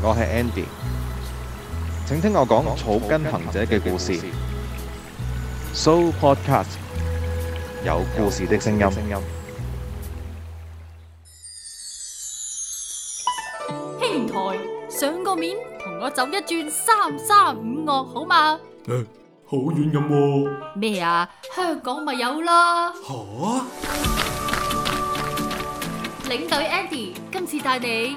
我係 Andy，請聽我講草根行者嘅故事。So Podcast，有故事的聲音。兄台，上個面同我走一轉三三五岳好嘛？誒，好遠咁？咩啊？香港咪有啦？吓！領隊 Andy 今次帶你。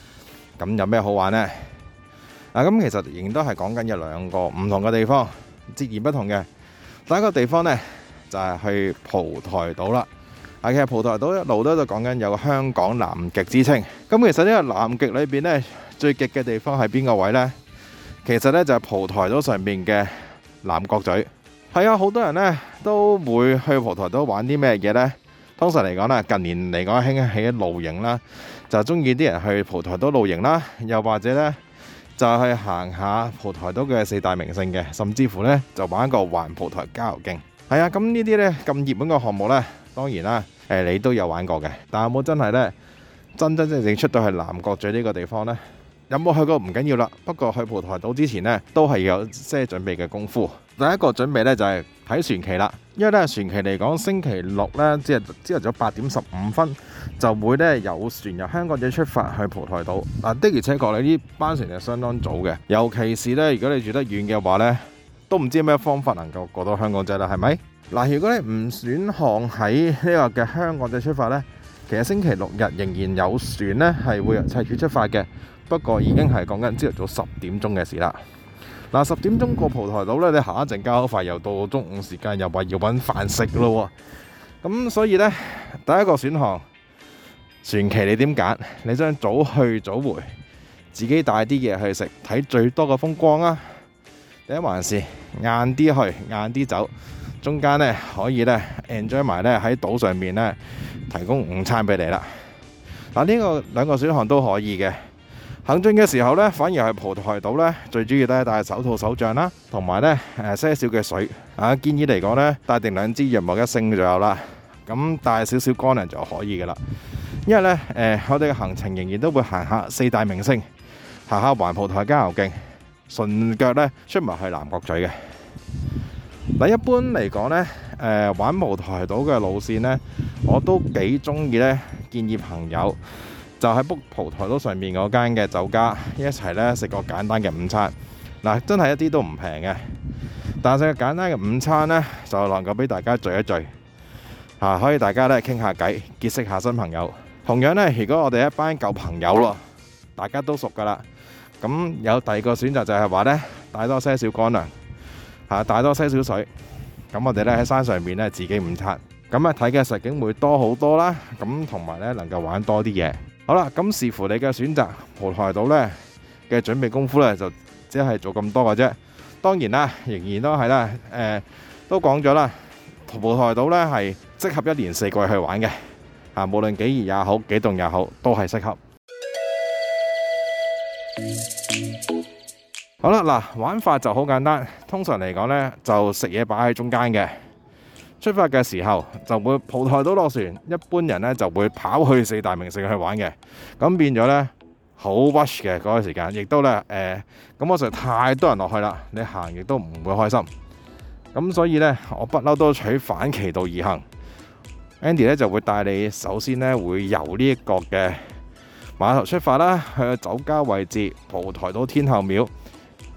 咁有咩好玩呢？啊，咁其實仍然都係講緊有兩個唔同嘅地方，截然不同嘅。第一個地方呢就係去蒲台島啦。啊，其實蒲台島一路都喺度講緊有香港南極之稱。咁其實呢個南極裏邊呢最極嘅地方係邊個位呢？其實呢就係蒲台島上面嘅南角咀。係啊，好多人呢都會去蒲台島玩啲咩嘢呢？當時嚟講咧，近年嚟講興起露營啦，就中意啲人去蒲台島露營啦，又或者呢，就去行下蒲台島嘅四大名勝嘅，甚至乎、啊、呢，就玩個環蒲台郊遊徑。係啊，咁呢啲呢，咁熱門嘅項目呢，當然啦，誒你都有玩過嘅，但有冇真係呢，真真正正出到去南角咀呢個地方呢，有冇去過唔緊要啦，不過去蒲台島之前呢，都係有些準備嘅功夫。第一個準備呢，就係睇船期啦。因為咧，船期嚟講，星期六咧，即係朝頭早八點十五分，就會咧有船由香港仔出發去蒲台島。啊的而且確，你呢班船係相當早嘅，尤其是咧，如果你住得遠嘅話咧，都唔知咩方法能夠過到香港仔啦，係咪？嗱，如果你唔選航喺呢個嘅香港仔出發咧，其實星期六日仍然有船咧係會由赤柱出發嘅，不過已經係講緊朝頭早十點鐘嘅事啦。嗱，十點鐘過蒲台島咧，你行一陣，交好快又到中午時間，又話要揾飯食咯喎，咁所以呢，第一個選項，船期你點揀？你想早去早回，自己帶啲嘢去食，睇最多嘅風光啊。第一還是晏啲去，晏啲走，中間呢可以呢 enjoy 埋呢喺島上面呢，提供午餐俾你啦。嗱，這個，呢個兩個選項都可以嘅。行進嘅時候呢，反而係蒲台島呢，最主要都係帶手套、手杖啦，同埋呢誒些少嘅水啊。建議嚟講呢，帶定兩支藥物一升就有啦。咁帶少少乾糧就可以噶啦。因為呢，誒、呃，我哋嘅行程仍然都會行下四大明星，行下環蒲台郊遊徑，順腳呢出埋去南角咀嘅。但一般嚟講呢，誒、呃、玩蒲台島嘅路線呢，我都幾中意呢，建議朋友就喺蒲台島上面嗰間嘅酒家一齊咧食個簡單嘅午餐嗱，真係一啲都唔平嘅。但食個簡單嘅午餐咧，就能夠俾大家聚一聚嚇，可以大家咧傾下偈，結識下新朋友。同樣咧，如果我哋一班舊朋友喎，大家都熟噶啦，咁有第二個選擇就係話咧帶多些少乾糧嚇，帶多些少水，咁我哋咧喺山上邊咧自己午餐咁啊，睇嘅實景會多好多啦。咁同埋咧能夠玩多啲嘢。好啦，咁視乎你嘅選擇，蒲台島呢嘅準備功夫呢，就只係做咁多嘅啫。當然啦，仍然都係啦。誒、呃，都講咗啦，蒲台島呢係適合一年四季去玩嘅，啊，無論幾熱也好，幾凍也好，都係適合好了。好啦，嗱，玩法就好簡單，通常嚟講呢，就食嘢擺喺中間嘅。出發嘅時候就會蒲台島落船，一般人呢就會跑去四大名城去玩嘅，咁變咗呢，好 rush 嘅嗰個時間，亦都呢。誒、呃，咁我實在太多人落去啦，你行亦都唔會開心，咁所以呢，我不嬲都取反其道而行，Andy 呢就會帶你首先呢會由呢一個嘅碼頭出發啦，去酒家位置蒲台島天后廟天后廟，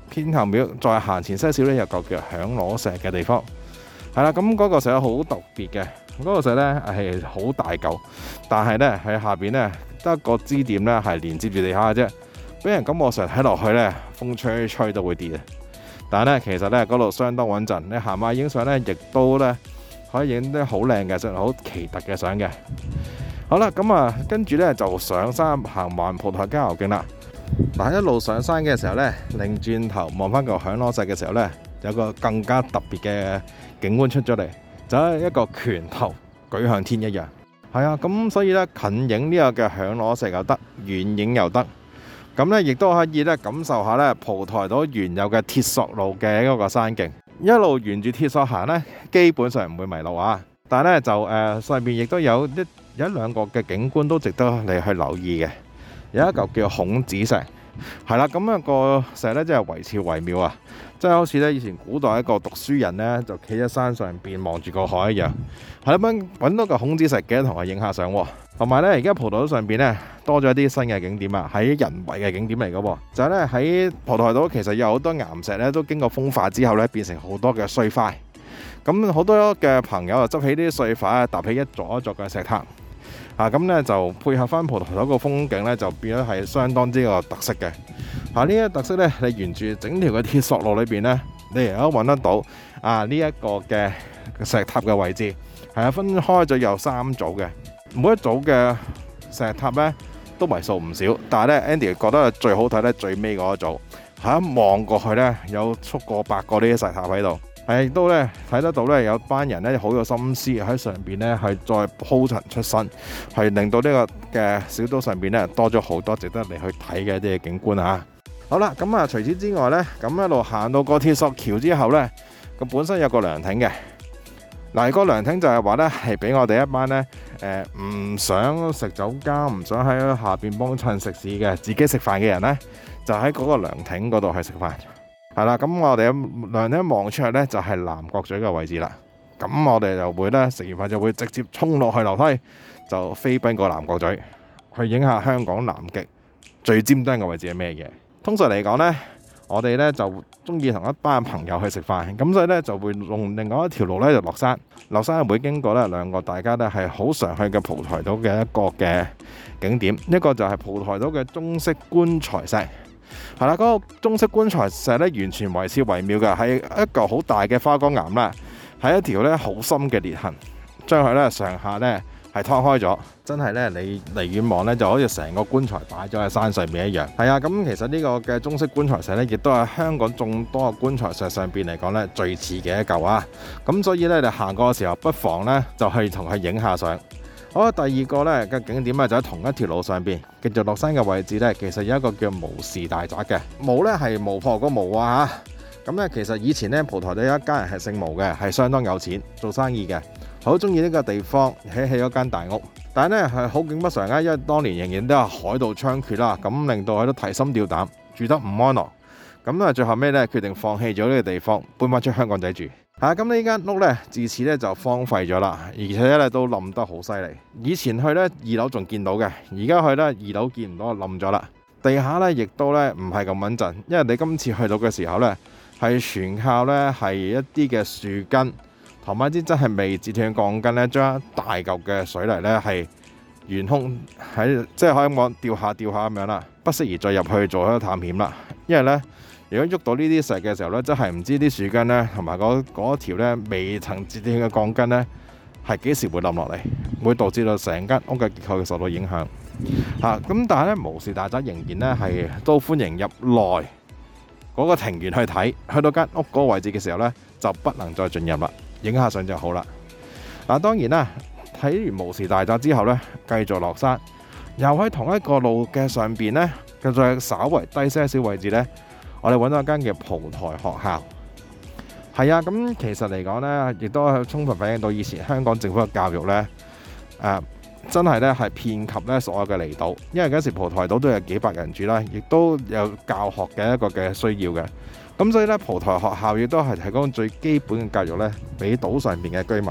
天后廟再行前些少呢，有一個叫響螺石嘅地方。係、嗯、啦，咁、那、嗰個石好特別嘅，嗰、那個石咧係好大嚿，但係咧喺下面咧得一個支點咧係連接住地下嘅啫，俾人感覺上睇落去咧風吹吹都會跌。但係咧其實咧嗰度相當穩陣，你行埋影相咧亦都咧可以影得好靚嘅，真係好奇特嘅相嘅。好啦，咁、嗯、啊、嗯嗯嗯嗯嗯嗯嗯、跟住咧就上山行環蒲台郊遊徑啦。但、嗯、一路上山嘅時候咧，擰轉頭望翻個響螺石嘅時候咧。有個更加特別嘅景觀出咗嚟，就係一個拳頭舉向天一樣。係啊，咁所以咧近影呢個嘅響螺石又得，遠影又得。咁咧亦都可以咧感受下咧蒲台島原有嘅鐵索路嘅一個山徑，一路沿住鐵索行咧，基本上唔會迷路啊。但係咧就誒，上面亦都有一有一兩個嘅景觀都值得你去留意嘅，有一嚿叫孔子石，係啦，咁樣個石咧真係維肖維妙啊！即係好似咧，以前古代一個讀書人咧，就企喺山上邊望住個海一樣。係啦，咁搵到個孔子石嘅，同佢影下相。同埋咧，而家葡萄島上邊咧多咗一啲新嘅景點啊，喺人為嘅景點嚟嘅喎。就係咧喺葡萄島，其實有好多岩石咧都經過風化之後咧變成好多嘅碎塊。咁好多嘅朋友就執起啲碎塊，搭起一座一座嘅石塔。啊，咁咧就配合翻葡萄島個風景咧，就變咗係相當之個特色嘅。嗱，呢一特色咧，你沿住整條嘅鐵索路裏邊咧，你亦都揾得到啊！呢一個嘅石塔嘅位置係啊，分開咗有三組嘅，每一組嘅石塔咧都為數唔少。但係咧，Andy 覺得最好睇咧最尾嗰一組，一望過去咧有足過百個呢啲石塔喺度，係亦都咧睇得到咧有班人咧好有心思喺上邊咧係再鋪陳出新，係令到呢個嘅小島上邊咧多咗好多值得你去睇嘅一啲景觀啊！好啦，咁啊，除此之外呢，咁一路行到個鐵索橋之後呢，咁本身有個涼亭嘅嗱。個涼亭就係話呢，係俾我哋一班呢，誒、呃，唔想食酒家，唔想喺下邊幫襯食肆嘅，自己食飯嘅人呢，就喺嗰個涼亭嗰度去食飯係啦。咁我哋喺涼亭望出去呢，就係，是，南角咀嘅位置啦。咁我哋就會呢，食完飯就會直接衝落去樓梯，就飛奔過南角咀去影下香港南極最尖端嘅位置係咩嘢。通常嚟講呢，我哋呢就中意同一班朋友去食飯，咁所以呢就會用另外一條路呢，就落山，落山會經過呢兩個大家呢係好常去嘅蒲台島嘅一個嘅景點，一個就係蒲台島嘅中式棺材石。係啦，嗰、那個中式棺材石呢，完全維持維妙嘅，係一嚿好大嘅花崗岩啦，係一條呢好深嘅裂痕，將佢呢上下呢。係拖開咗，真係呢。你離遠望呢，就好似成個棺材擺咗喺山上面一樣。係啊，咁其實呢個嘅中式棺材石呢，亦都係香港眾多嘅棺材石上邊嚟講呢，最似嘅一嚿啊。咁所以呢，你行過嘅時候，不妨呢，就去同佢影下相。好，第二個呢，嘅景點呢，就喺同一條路上邊，繼續落山嘅位置呢，其實有一個叫巫氏大宅嘅。巫呢，係巫婆個巫啊嚇。咁呢，其實以前呢，蒲台都有一家人係姓巫嘅，係相當有錢，做生意嘅。好中意呢個地方，起起咗間大屋，但係呢，係好景不常啊，因為當年仍然都係海盜猖獗啦，咁令到佢都提心吊膽，住得唔安樂。咁啊，最後尾呢，決定放棄咗呢個地方，搬翻出香港仔住。吓，咁呢間屋呢，自此呢就荒廢咗啦，而且呢都冧得好犀利。以前去呢，二樓仲見到嘅，而家去呢，二樓見唔到，冧咗啦。地下呢，亦都呢唔係咁穩陣，因為你今次去到嘅時候呢，係全靠呢係一啲嘅樹根。同埋啲真係未截斷鋼筋呢，將大嚿嘅水泥呢係懸空喺，即係、就是、可以講掉下掉下咁樣啦。不適宜再入去做一個探險啦，因為呢，如果喐到呢啲石嘅時候呢，真係唔知啲樹根呢，同埋嗰嗰條呢未曾截斷嘅鋼筋呢，係幾時會冧落嚟，會導致到成間屋嘅結構受到影響嚇。咁、啊、但係呢，無事大宅仍然呢，係都歡迎入內嗰個庭園去睇，去到間屋嗰個位置嘅時候呢，就不能再進入啦。影下相就好啦。嗱，當然啦，睇完《無事大宅》之後呢，繼續落山，又喺同一個路嘅上邊呢，繼續稍為低些少位置呢。我哋揾到一間叫蒲台學校。係啊，咁其實嚟講呢，亦都充分反映到以前香港政府嘅教育呢，啊，真係呢係遍及呢所有嘅離島，因為嗰時蒲台島都有幾百人住啦，亦都有教學嘅一個嘅需要嘅。咁所以咧，蒲台學校亦都係提供最基本嘅教育咧，俾島上邊嘅居民。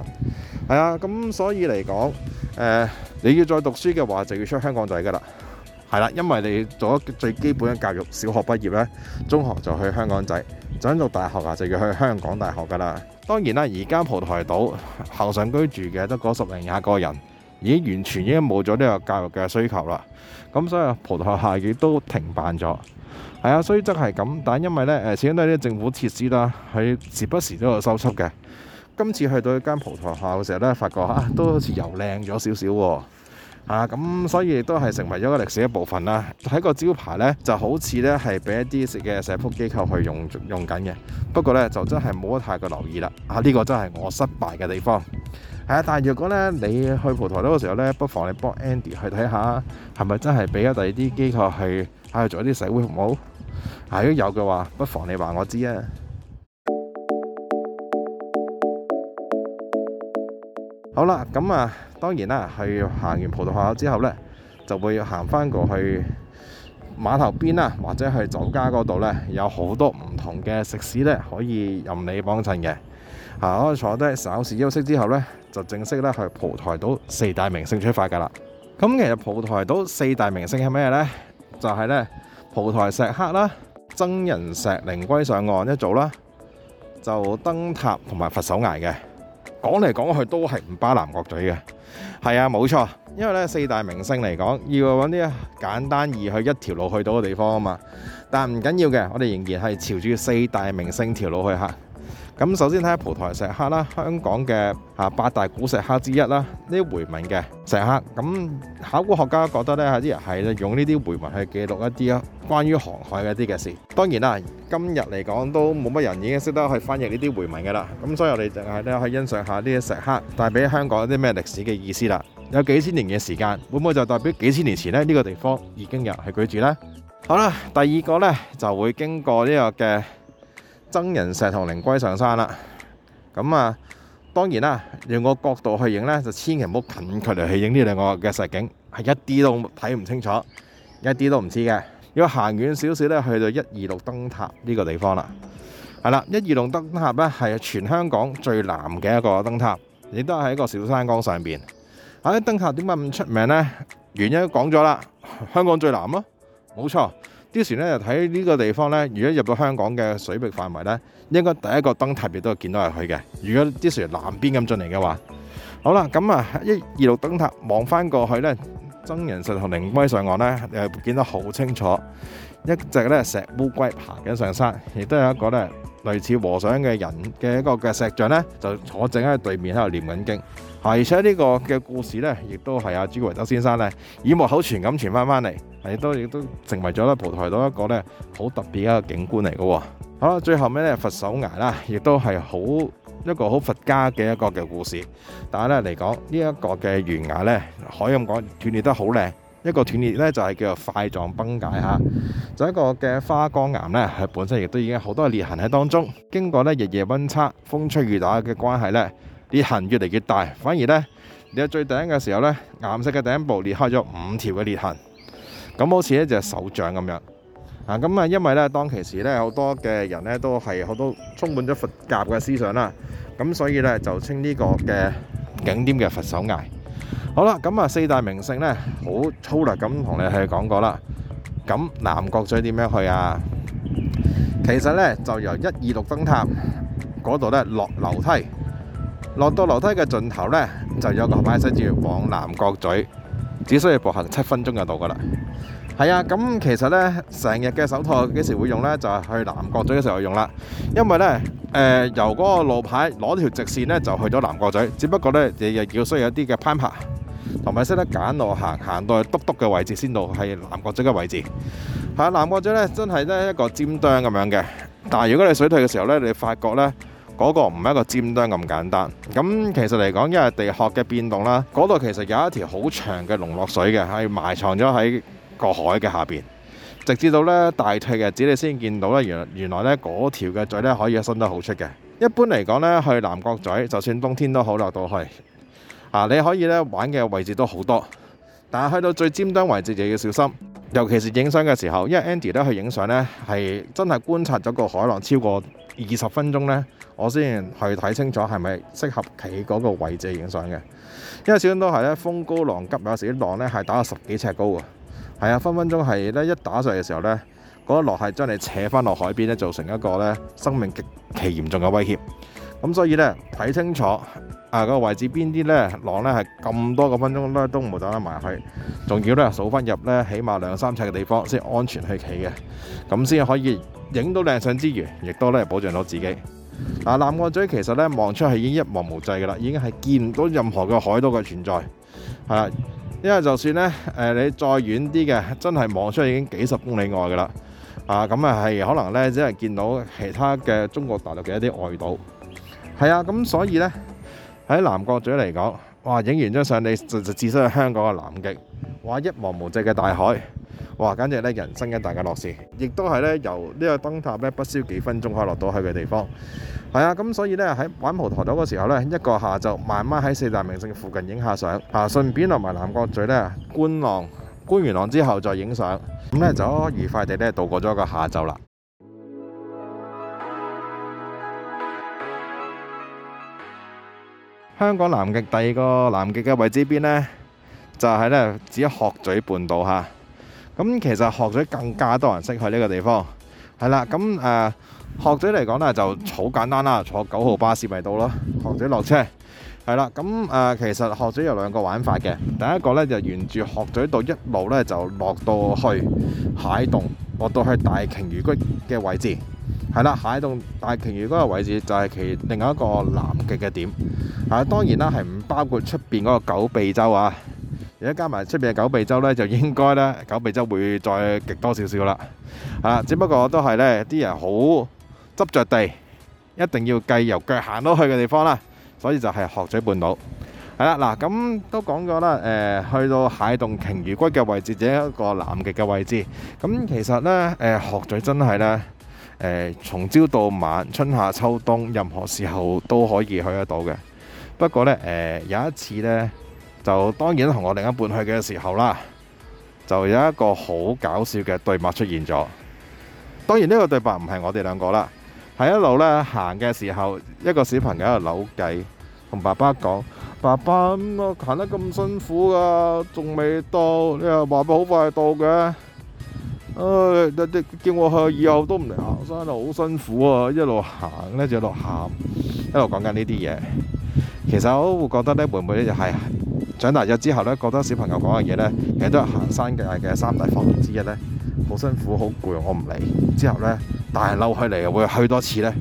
係啊，咁所以嚟講，誒、呃，你要再讀書嘅話，就要出香港仔噶啦。係啦、啊，因為你做咗最基本嘅教育，小學畢業咧，中學就去香港仔，想讀大學啊，就要去香港大學噶啦。當然啦，而家蒲台島行上居住嘅得嗰十零廿個人，已經完全已經冇咗呢個教育嘅需求啦。咁所以蒲台學校亦都停辦咗。係啊，所以則係咁，但因為咧，誒，始終都係啲政府設施啦，佢時不時都有收葺嘅。今次去到一間葡台校嘅時候咧，發覺吓都好似又靚咗少少喎，啊，咁、啊啊、所以亦都係成為咗個歷史一部分啦。睇個招牌咧，就好似咧係俾一啲嘅社福機構去用用緊嘅。不過咧，就真係冇得太過留意啦。啊，呢、這個真係我失敗嘅地方。係啊，但係如果咧你去葡台樓嘅時候咧，不妨你幫 Andy 去睇下，係咪真係俾咗第二啲機構去喺度、啊、做一啲社會服務。啊！如果有嘅話，不妨你話我知啊。好啦，咁啊，當然啦，去行完蒲台學校之後呢，就會行返過去碼頭邊啊，或者去酒家嗰度呢，有好多唔同嘅食肆呢，可以任你幫襯嘅。啊，我坐低稍事休息之後呢，就正式呢去蒲台島四大名勝出發噶啦。咁其實蒲台島四大名勝係咩呢？就係呢。蒲台石刻啦，僧人石靈龜上岸一組啦，就燈塔同埋佛手岩嘅，講嚟講去都係唔巴南角嘴嘅，係啊，冇錯，因為呢四大明星嚟講，要揾啲簡單易去，一條路去到嘅地方啊嘛，但唔緊要嘅，我哋仍然係朝住四大明星條路去行。咁首先睇下蒲台石刻啦，香港嘅啊八大古石刻之一啦，呢啲回文嘅石刻，咁考古學家覺得呢，係啲人係用呢啲回文去記錄一啲啊關於航海嘅一啲嘅事。當然啦，今日嚟講都冇乜人已經識得去翻譯呢啲回文噶啦，咁所以我哋淨係呢去欣賞下呢啲石刻，帶俾香港一啲咩歷史嘅意思啦。有幾千年嘅時間，會唔會就代表幾千年前呢？呢個地方已經有人去居住呢？好啦，第二個呢，就會經過呢個嘅。真人石同靈龜上山啦，咁啊，當然啦，用個角度去影呢，就千祈唔好近距離去影呢兩個嘅石景，係一啲都睇唔清楚，一啲都唔知嘅。要行遠少少呢，去到一二六燈塔呢個地方啦，係啦，一二六燈塔呢係全香港最南嘅一個燈塔，亦都喺一個小山崗上邊。啊啲燈塔點解咁出名呢？原因都講咗啦，香港最南咯，啊，冇錯。啲船咧就睇呢個地方咧，如果入到香港嘅水域範圍咧，應該第一個燈塔亦都係見到係佢嘅。如果啲船南邊咁進嚟嘅話，好啦，咁啊一二燈塔望翻過去咧，真人實同靈龜上岸咧，你係見得好清楚。一隻咧石烏龜爬緊上山，亦都有一個咧類似和尚嘅人嘅一個嘅石像咧，就坐正喺對面喺度念緊經。而且呢個嘅故事咧，亦都係阿朱維德先生咧耳目口傳咁傳翻翻嚟，亦都亦都成為咗咧蒲台島一個咧好特別嘅一個景觀嚟嘅。好啦，最後尾咧佛手崖啦，亦都係好一個好佛家嘅一個嘅故事。但係咧嚟講呢一、這個嘅懸崖咧，可以咁講斷裂得好靚。一個斷裂咧就係叫做塊狀崩解嚇。就是、一個嘅花崗岩咧，佢本身亦都已經好多裂痕喺當中。經過咧日夜溫差、風吹雨打嘅關係咧，裂痕越嚟越大，反而咧你喺最頂嘅時候咧，岩石嘅頂部裂開咗五條嘅裂痕。咁好似一隻手掌咁樣，啊咁，啊，因為咧當其時咧好多嘅人咧都係好多充滿咗佛教嘅思想啦，咁所以咧就稱呢個嘅景點嘅佛手崖。好啦，咁啊四大名勝咧好粗略咁同你去講過啦。咁南角咀點樣去啊？其實咧就由一二六燈塔嗰度咧落樓梯，落到樓梯嘅盡頭咧就有個牌寫住往南角咀。只需要步行七分鐘就到㗎喇。係啊，咁其實呢，成日嘅手套幾時會用呢？就係、是、去南角咀嘅時候用啦。因為呢，誒、呃、由嗰個路牌攞條直線呢，就去咗南角咀。只不過呢，亦亦要需要一啲嘅攀爬，同埋識得揀路行，行到去篤篤嘅位置先到係南角咀嘅位置。啊，南角咀呢真係呢一個尖端咁樣嘅。但係如果你水退嘅時候呢，你發覺呢，嗰個唔係一個尖端咁簡單。咁其實嚟講，因為地殼嘅變動啦，嗰度其實有一條好長嘅龍落水嘅，係埋藏咗喺個海嘅下面。直至到呢大退日子你先見到呢，原原來呢嗰條嘅嘴呢，可以伸得好出嘅。一般嚟講呢，去南角咀，就算冬天都好落到去啊，你可以呢玩嘅位置都好多。但係去到最尖端位置就要小心，尤其是影相嘅時候，因為 Andy 呢去影相呢，係真係觀察咗個海浪超過二十分鐘呢。我先去睇清楚，係咪適合企嗰個位置影相嘅？因為始終都係咧風高浪急，有時啲浪咧係打咗十幾尺高啊！係啊，分分鐘係咧一打上嚟嘅時候咧，嗰個浪係將你扯翻落海邊咧，造成一個咧生命極其嚴重嘅威脅。咁所以咧睇清楚啊，嗰個位置邊啲咧浪咧係咁多個分鐘都都冇打得埋去，仲要咧數翻入咧，起碼兩三尺嘅地方先安全去企嘅，咁先可以影到靚相之餘，亦都咧保障到自己。啊！南角咀其實咧望出去已經一望無際噶啦，已經係見唔到任何嘅海島嘅存在，係啦。因為就算咧誒你再遠啲嘅，真係望出去已經幾十公里外噶啦，啊咁啊係可能咧只係見到其他嘅中國大陸嘅一啲外島，係啊。咁所以咧喺南角咀嚟講，哇！影完張相你就就置身喺香港嘅南極，哇！一望無際嘅大海。哇！簡直咧人生一大嘅樂事，亦都係咧由呢個燈塔咧，不消幾分鐘可以落到去嘅地方。係啊，咁所以咧喺玩蒲台島嘅時候咧，一個下晝慢慢喺四大名勝附近影下相，啊，順便落埋南角咀咧觀浪，觀完浪之後再影相，咁咧就可愉快地咧度過咗一個下晝啦。香港南極，第二個南極嘅位置邊咧，就係咧指鶴咀半島嚇。咁其實鶴咀更加多人識去呢個地方，係啦。咁誒鶴咀嚟講咧就好簡單啦，坐九號巴士咪到咯。鶴咀落車，係啦。咁、啊、誒其實鶴咀有兩個玩法嘅，第一個咧就沿住鶴咀道一路咧就落到去蟹洞，落到去大鯨魚骨嘅位置，係啦。蟹洞大鯨魚骨嘅位置就係其另外一個南極嘅點，啊，當然啦係唔包括出邊嗰個九庇洲啊。而家加埋出面嘅九臂洲咧，就應該咧九臂洲會再極多少少啦。啊，只不過都係咧啲人好執著地，一定要計由腳行到去嘅地方啦。所以就係鶴咀半島。係啦，嗱咁都講咗啦。誒，去到蟹洞鯨魚骨嘅位置，只一個南極嘅位置。咁其實咧，誒，鶴咀真係咧，誒，從朝到晚，春夏秋冬，任何時候都可以去得到嘅。不過咧，誒，有一次咧。就當然同我另一半去嘅時候啦，就有一個好搞笑嘅對白出現咗。當然呢個對白唔係我哋兩個啦，喺一路呢行嘅時候，一個小朋友喺度扭計，同爸爸講：爸爸，咁我行得咁辛苦啊，仲未到，你又話好快到嘅。唉，你叫我去，以後都唔嚟行山，好辛苦啊！一路行呢，仲要一路喊，一路講緊呢啲嘢。其實我都會覺得呢會唔會呢，妹妹就係、是？長大咗之後呢，覺得小朋友講嘅嘢呢，其實都係行山嘅嘅三大方面之一呢，好辛苦好攰，我唔嚟。之後呢，大人嬲去嚟，又會去多次呢。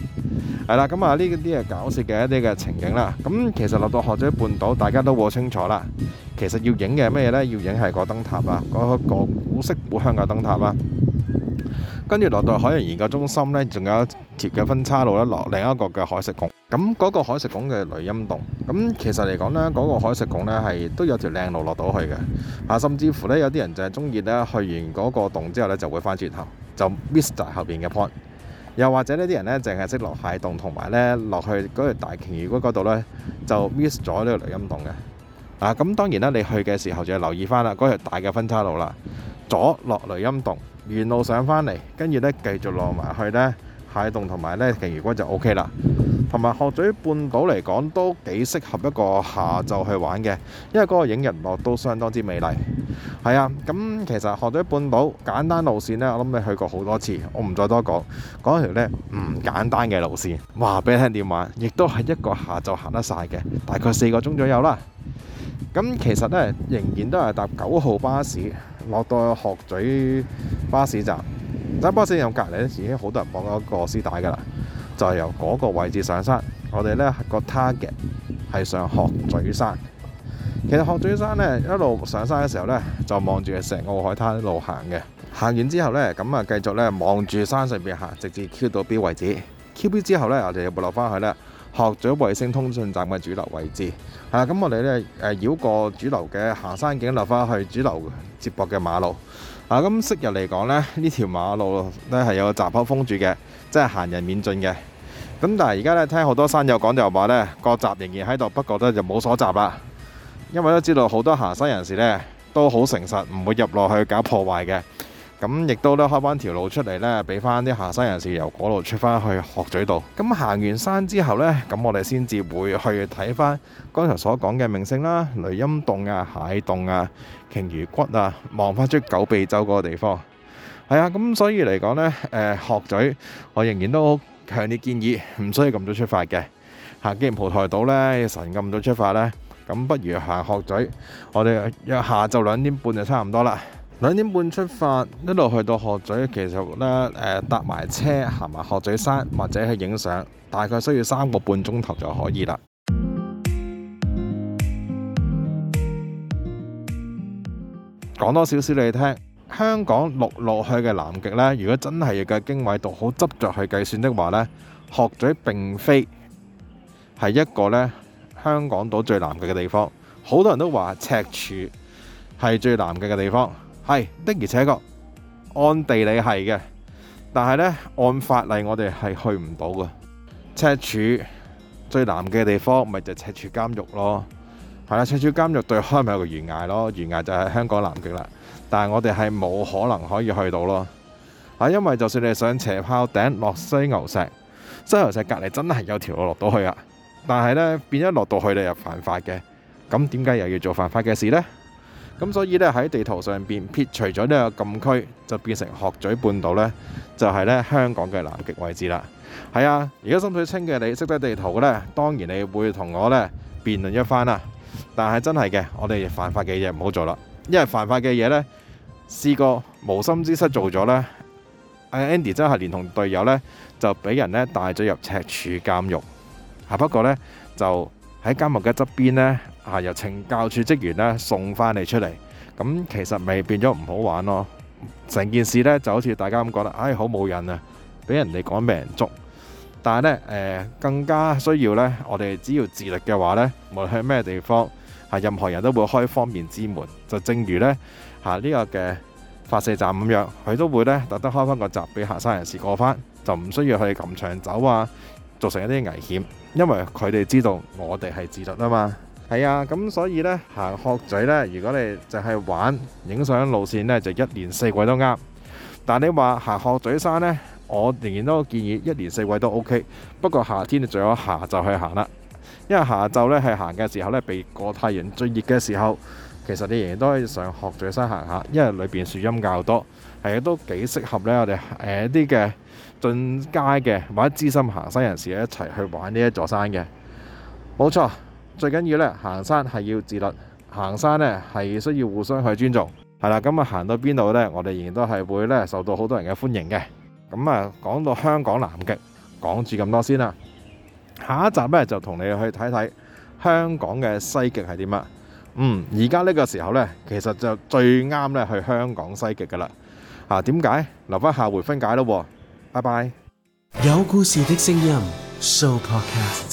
係啦，咁啊呢啲係搞笑嘅一啲嘅情景啦。咁其實落到學者半島，大家都好清楚啦。其實要影嘅咩嘢呢？要影係個燈塔啊，嗰個古色古香嘅燈塔啦。跟住落到海洋研究中心呢，仲有一條嘅分叉路呢，落另一個嘅海蝕拱。咁、那、嗰個海石拱嘅雷音洞，咁其實嚟講呢嗰、那個海石拱呢係都有條靚路落到去嘅。啊，甚至乎呢，有啲人就係中意呢，去完嗰個洞之後呢就會翻轉頭，就 miss 咗後面嘅 point。又或者呢啲人呢，淨係識落蟹洞同埋呢落去嗰條大鯨魚骨嗰度呢，就 miss 咗呢個雷音洞嘅。啊，咁當然啦，你去嘅時候就要留意翻啦，嗰條大嘅分叉路啦，左落雷音洞，沿路上返嚟，跟住呢繼續落埋去呢蟹洞同埋呢鯨魚骨就 OK 啦。同埋鶴咀半島嚟講，都幾適合一個下晝去玩嘅，因為嗰個影日落都相當之美麗。係啊，咁其實鶴咀半島簡單路線呢，我諗你去過好多次，我唔再多講，講一條咧唔簡單嘅路線。話俾你聽點玩，亦都係一個下晝行得晒嘅，大概四個鐘左右啦。咁其實呢，仍然都係搭九號巴士落到鶴咀巴士站。喺巴士站隔離已經好多人放咗個絲帶㗎啦。就是、由嗰個位置上山，我哋呢個 target 係上鶴咀山。其實鶴咀山呢，一路上山嘅時候呢，就望住成澳海灘路行嘅。行完之後呢，咁啊繼續呢，望住山上邊行，直至 Q 到 B 位置。Q B 之後呢，我哋又落返去呢，鶴咀衛星通訊站嘅主流位置，啊咁我哋呢，誒繞過主流嘅行山徑落返去主流接駁嘅馬路。啊咁昔日嚟講呢，呢條馬路呢係有閘口封住嘅，即係行人免進嘅。咁但係而家咧，聽好多山友講就話呢個閘仍然喺度，不過呢就冇鎖閘啦。因為都知道好多行山人士呢都好誠實，唔會入落去搞破壞嘅。咁亦都咧，開翻條路出嚟呢，俾翻啲行山人士由嗰度出返去鶴咀度。咁行完山之後呢，咁我哋先至會去睇返剛才所講嘅名勝啦，雷音洞啊、蟹洞啊、鯨魚骨啊，望返出九臂洲嗰個地方。係啊，咁所以嚟講呢，誒鶴咀我仍然都。強烈建議唔需要咁早出發嘅，吓、啊，既然蒲台島呢要晨咁早出發呢，咁不如行鶴咀，我哋約下晝兩點半就差唔多啦。兩點半出發，一路去到鶴咀，其實呢誒、呃、搭埋車行埋鶴咀山，或者去影相，大概需要三個半鐘頭就可以啦。講 多少少你聽。香港落落去嘅南極呢，如果真係要計經緯度，好執着去計算的話呢，鶴咀並非係一個呢香港島最南極嘅地方。好多人都話赤柱係最南極嘅地方，係的而且確按地理係嘅，但係呢，按法例我哋係去唔到嘅。赤柱最南嘅地方咪就是赤柱監獄咯，係啦，赤柱監獄對開咪有個懸崖咯，懸崖就係香港南極啦。但係我哋係冇可能可以去到咯，啊，因為就算你上斜炮頂落西牛石，西牛石隔籬真係有條路落到去啊，但係呢，變咗落到去你又犯法嘅，咁點解又要做犯法嘅事呢？咁所以呢，喺地圖上邊撇除咗呢個禁區，就變成鶴咀半島呢，就係呢香港嘅南極位置啦。係啊，而家心水清嘅你識得地圖呢，咧，當然你會同我呢辯論一番啦。但係真係嘅，我哋犯法嘅嘢唔好做啦，因為犯法嘅嘢呢。試過無心之失做咗咧，Andy 真係連同隊友呢，就俾人咧帶咗入赤柱監獄。嚇不過呢，就喺監獄嘅側邊呢，嚇由懲教處職員呢送返你出嚟。咁其實咪變咗唔好玩咯。成件事呢，就好似大家咁覺得、哎，唉好冇癮啊！俾人哋趕，命人捉。但係呢、呃，誒更加需要呢，我哋只要自力嘅話呢，無論去咩地方，係任何人都會開方便之門。就正如呢。.嚇、這、呢個嘅發射站咁樣，佢都會呢，特登開翻個閘俾行山人士過返，就唔需要去咁長走啊，造成一啲危險。因為佢哋知道我哋係自律啊嘛。係啊，咁所以呢，行鶴咀呢，如果你淨係玩影相路線呢，就一年四季都啱。但你話行鶴咀山呢，我仍然都建議一年四季都 OK。不過夏天你最好下晝去行啦，因為下晝呢，係行嘅時候呢，被過太陽最熱嘅時候。其實你仍然都係想學住去山行下，因為裏邊樹蔭較多，係都幾適合咧。我哋誒啲嘅進階嘅或者資深行山人士一齊去玩呢一座山嘅，冇錯。最緊要咧，行山係要自律，行山咧係需要互相去尊重。係啦，咁啊行到邊度呢？我哋仍然都係會咧受到好多人嘅歡迎嘅。咁啊講到香港南極，講住咁多先啦。下一集呢，就同你去睇睇香港嘅西極係點啊！嗯，而家呢個時候呢，其實就最啱呢去香港西極噶啦。啊，點解？留翻下回分解咯。喎，拜拜！有故事的聲音 show podcast。